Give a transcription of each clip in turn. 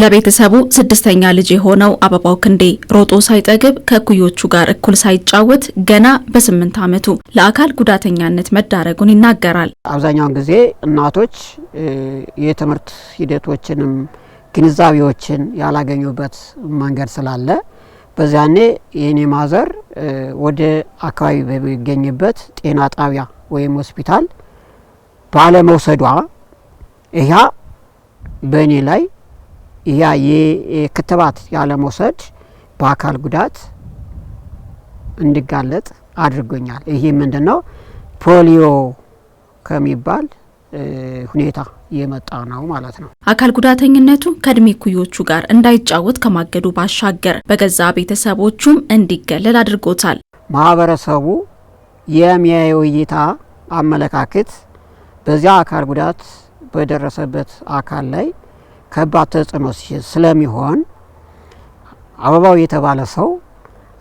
ለቤተሰቡ ስድስተኛ ልጅ የሆነው አበባው ክንዴ ሮጦ ሳይጠግብ ከእኩዮቹ ጋር እኩል ሳይጫወት ገና በስምንት ዓመቱ ለአካል ጉዳተኛነት መዳረጉን ይናገራል። አብዛኛውን ጊዜ እናቶች የትምህርት ሂደቶችንም ግንዛቤዎችን ያላገኙበት መንገድ ስላለ በዚያኔ የኔ ማዘር ወደ አካባቢ በሚገኝበት ጤና ጣቢያ ወይም ሆስፒታል ባለመውሰዷ ይሄ በእኔ ላይ ያ ክትባት ያለመውሰድ በአካል ጉዳት እንዲጋለጥ አድርጎኛል። ይህ ምንድን ነው? ፖሊዮ ከሚባል ሁኔታ የመጣ ነው ማለት ነው። አካል ጉዳተኝነቱ ከእድሜ ኩዮቹ ጋር እንዳይጫወት ከማገዱ ባሻገር በገዛ ቤተሰቦቹም እንዲገለል አድርጎታል። ማህበረሰቡ የሚያየው እይታ፣ አመለካከት በዚያ አካል ጉዳት በደረሰበት አካል ላይ ከባድ ተጽዕኖ ስለሚሆን አበባው የተባለ ሰው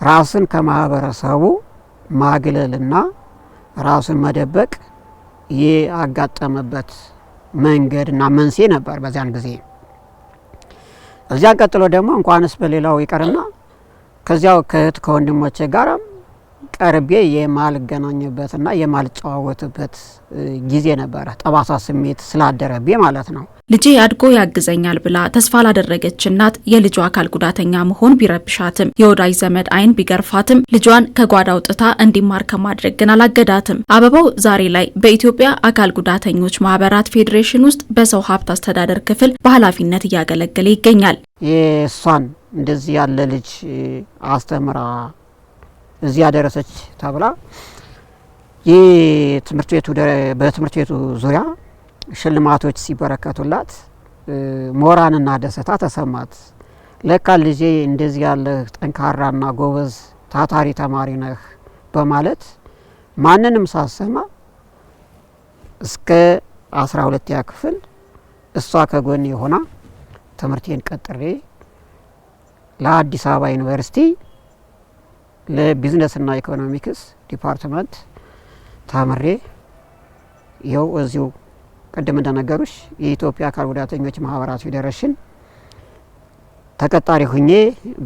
ራስን ከማህበረሰቡ ማግለልና ራሱን መደበቅ ያጋጠመበት መንገድና መንስኤ ነበር በዚያን ጊዜ። እዚያ ቀጥሎ ደግሞ እንኳንስ በሌላው ይቀርና ከዚያው ከእህት ከወንድሞቼ ጋርም ቀርቤ የማልገናኝበትና የማልጨዋወትበት ጊዜ ነበረ። ጠባሳ ስሜት ስላደረቤ ማለት ነው። ልጄ አድጎ ያግዘኛል ብላ ተስፋ ላደረገች እናት የልጇ አካል ጉዳተኛ መሆን ቢረብሻትም የወዳጅ ዘመድ አይን ቢገርፋትም ልጇን ከጓዳ አውጥታ እንዲማር ከማድረግ ግን አላገዳትም። አበባው ዛሬ ላይ በኢትዮጵያ አካል ጉዳተኞች ማህበራት ፌዴሬሽን ውስጥ በሰው ሀብት አስተዳደር ክፍል በኃላፊነት እያገለገለ ይገኛል። የእሷን እንደዚህ ያለ ልጅ አስተምራ እዚያ ደረሰች ተብላ የትምህርት ቤቱ በትምህርት ቤቱ ዙሪያ ሽልማቶች ሲበረከቱላት ሞራንና ደስታ ተሰማት። ለካ ልጄ እንደዚህ ያለ ጠንካራና ጎበዝ ታታሪ ተማሪ ነህ በማለት ማንንም ሳሰማ እስከ አስራ ሁለተኛ ክፍል እሷ ከጎን የሆና ትምህርቴን ቀጥሬ ለአዲስ አበባ ዩኒቨርሲቲ ለቢዝነስና ኢኮኖሚክስ ዲፓርትመንት ታምሬ ይኸው እዚሁ ቅድም እንደነገሩሽ የኢትዮጵያ አካል ጉዳተኞች ማህበራት ፌዴሬሽን ተቀጣሪ ሁኜ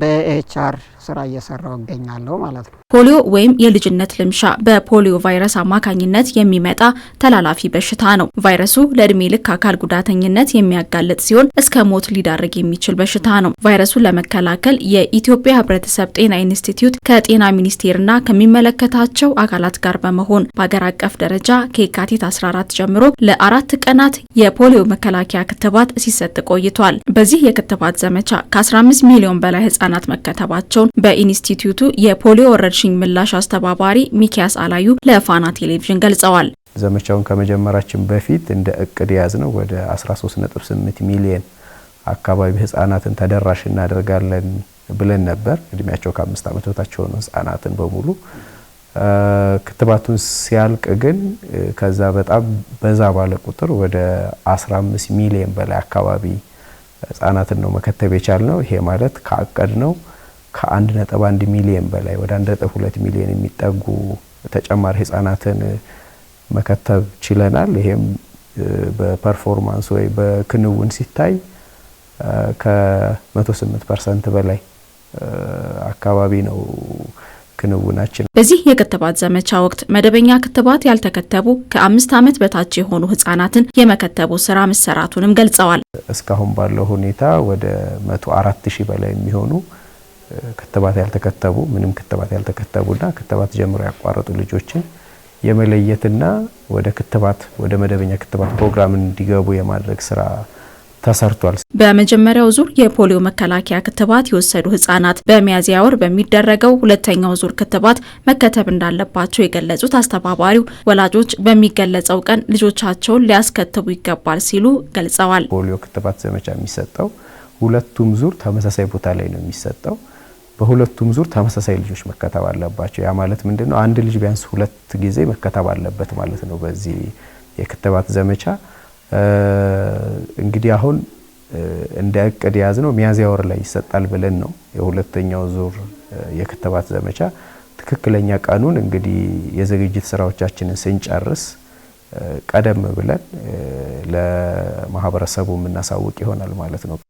በኤችአር ስራ እየሰራው እገኛለሁ ማለት ነው። ፖሊዮ ወይም የልጅነት ልምሻ በፖሊዮ ቫይረስ አማካኝነት የሚመጣ ተላላፊ በሽታ ነው። ቫይረሱ ለእድሜ ልክ አካል ጉዳተኝነት የሚያጋልጥ ሲሆን እስከ ሞት ሊዳርግ የሚችል በሽታ ነው። ቫይረሱን ለመከላከል የኢትዮጵያ ሕብረተሰብ ጤና ኢንስቲትዩት ከጤና ሚኒስቴርና ከሚመለከታቸው አካላት ጋር በመሆን በአገር አቀፍ ደረጃ ከየካቲት 14 ጀምሮ ለአራት ቀናት የፖሊዮ መከላከያ ክትባት ሲሰጥ ቆይቷል። በዚህ የክትባት ዘመቻ 15 ሚሊዮን በላይ ህጻናት መከተባቸውን በኢንስቲትዩቱ የፖሊዮ ወረርሽኝ ምላሽ አስተባባሪ ሚኪያስ አላዩ ለፋና ቴሌቪዥን ገልጸዋል። ዘመቻውን ከመጀመራችን በፊት እንደ እቅድ የያዝ ነው ወደ 13.8 ሚሊዮን አካባቢ ህጻናትን ተደራሽ እናደርጋለን ብለን ነበር። እድሜያቸው ከአምስት ዓመት በታች የሆኑ ህጻናትን በሙሉ ክትባቱን ሲያልቅ ግን ከዛ በጣም በዛ ባለ ቁጥር ወደ 15 ሚሊዮን በላይ አካባቢ ህጻናትን ነው መከተብ የቻልነው። ነው። ይሄ ማለት ከአቀድ ነው ከአንድ ነጥብ አንድ ሚሊዮን በላይ ወደ አንድ ነጥብ ሁለት ሚሊዮን የሚጠጉ ተጨማሪ ህጻናትን መከተብ ችለናል። ይሄም በፐርፎርማንስ ወይ በክንውን ሲታይ ከ108 ፐርሰንት በላይ አካባቢ ነው ክንውናችን በዚህ የክትባት ዘመቻ ወቅት መደበኛ ክትባት ያልተከተቡ ከአምስት ዓመት በታች የሆኑ ህጻናትን የመከተቡ ስራ መሰራቱንም ገልጸዋል። እስካሁን ባለው ሁኔታ ወደ መቶ አራት ሺህ በላይ የሚሆኑ ክትባት ያልተከተቡ ምንም ክትባት ያልተከተቡና ክትባት ጀምሮ ያቋረጡ ልጆችን የመለየትና ወደ ክትባት ወደ መደበኛ ክትባት ፕሮግራም እንዲገቡ የማድረግ ስራ ተሰርቷል። በመጀመሪያው ዙር የፖሊዮ መከላከያ ክትባት የወሰዱ ህጻናት በሚያዝያ ወር በሚደረገው ሁለተኛው ዙር ክትባት መከተብ እንዳለባቸው የገለጹት አስተባባሪው ወላጆች በሚገለጸው ቀን ልጆቻቸውን ሊያስከትቡ ይገባል ሲሉ ገልጸዋል። ፖሊዮ ክትባት ዘመቻ የሚሰጠው ሁለቱም ዙር ተመሳሳይ ቦታ ላይ ነው የሚሰጠው። በሁለቱም ዙር ተመሳሳይ ልጆች መከተብ አለባቸው። ያ ማለት ምንድነው? አንድ ልጅ ቢያንስ ሁለት ጊዜ መከተብ አለበት ማለት ነው በዚህ የክትባት ዘመቻ እንግዲህ አሁን እንደ እቅድ የያዝ ነው ሚያዝያ ወር ላይ ይሰጣል ብለን ነው። የሁለተኛው ዙር የክትባት ዘመቻ ትክክለኛ ቀኑን እንግዲህ የዝግጅት ስራዎቻችንን ስንጨርስ ቀደም ብለን ለማህበረሰቡ የምናሳውቅ ይሆናል ማለት ነው።